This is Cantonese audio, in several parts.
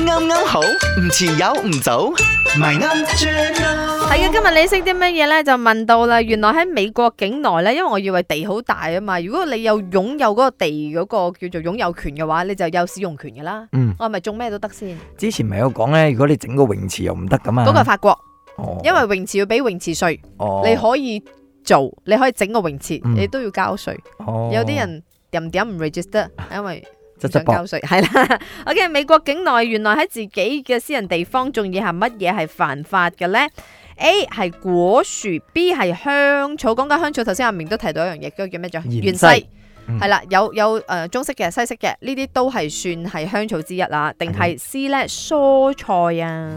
啱、嗯、啱、嗯、好，唔遲有唔早，咪啱住咯。係 嘅樂，今日你識啲乜嘢咧？就問到啦。原來喺美國境內咧，因為我以為地好大啊嘛。如果你有擁有嗰個地嗰，嗰個叫做擁有權嘅話，你就有使用權噶啦。嗯，我係咪種咩都得先？之前咪有講咧，如果你整個泳池又唔得噶嘛。嗰，嗰個係法國。哦。因為泳池要俾泳池稅。哦。你可以做，你可以整個泳池，嗯，你都要交稅。哦。有啲人點點唔 register，因為。上交稅係啦。出出 OK，美國境內原來喺自己嘅私人地方，仲要係乜嘢係犯法嘅咧？A 係果樹，B 係香草。講緊香草，頭先阿明都提到一樣嘢，叫叫咩？叫芫茜係啦。有有誒、呃、中式嘅、西式嘅，呢啲都係算係香草之一啦。定係 C 咧，蔬菜啊？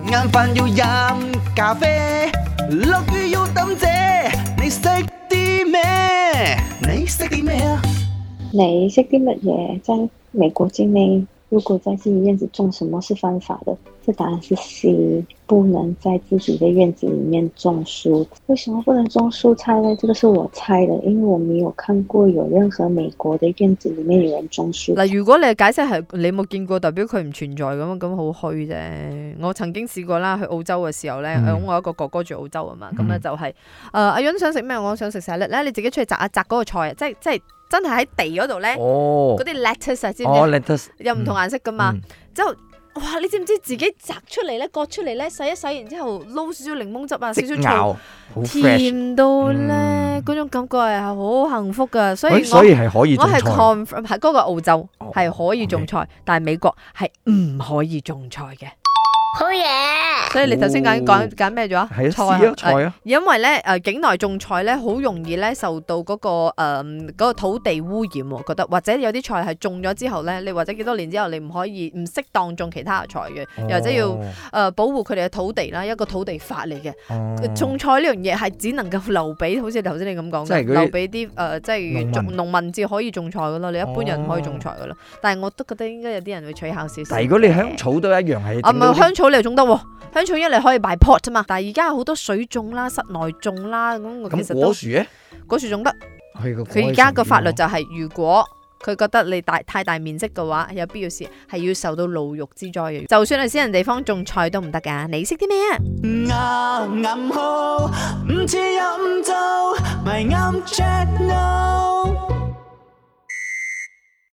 美國境內，如果在自己院子種什麼是犯法的？這答案是 C，不能在自己的院子裏面種樹。為什麼不能種蔬菜呢？這個是我猜的，因為我沒有看過有任何美國的院子裏面有人種樹。嗱，如果你嘅解釋係你冇見過，代表佢唔存在咁樣，咁好虛啫。我曾經試過啦，去澳洲嘅時候咧，因、嗯、為我有一個哥哥住澳洲啊嘛，咁、嗯、咧就係、是，誒、呃，阿欣想食咩？我想食沙律咧，你自己出去摘一摘嗰個菜，即係即係。真係喺地嗰度咧，嗰、哦、啲 lettuce 啊、哦，知唔知、哦？有唔同顏色噶嘛？之、嗯、後，哇！你知唔知自己摘出嚟咧，割出嚟咧，洗一洗，然之後撈少少檸檬汁啊，少少醋，fresh，甜到咧，嗰、嗯、種感覺係好幸福噶。所以我所以係可以種菜，係嗰個澳洲係、哦、可以種菜，但係美國係唔可以種菜嘅。好嘢！ 所以你頭先講講揀咩咗？係、哦、菜啊！菜啊！因為咧誒、呃、境內種菜咧，好容易咧受到嗰、那個誒、嗯那個土地污染，覺得或者有啲菜係種咗之後咧，你或者幾多年之後，你唔可以唔適當種其他嘅菜嘅，又、嗯、或者要誒、呃、保護佢哋嘅土地啦，一個土地法嚟嘅、嗯。種菜呢樣嘢係只能夠留俾好似頭先你咁講嘅，留俾啲誒即係農民至可以種菜噶咯，你一般人唔可以種菜噶咯、哦。但係我都覺得應該有啲人會取巧少少。如果你香草都一樣係。唔係、啊、香草。好嚟種得，香草一嚟可以賣 pot 啊嘛，但係而家好多水種啦，室內種啦，咁我其實都果樹咧，果樹種得。佢而家個法律就係、是，如果佢覺得你大太大面積嘅話，有必要時係要受到牢獄之災。就算係私人地方種菜都唔得噶，你識啲咩啊？嗯好。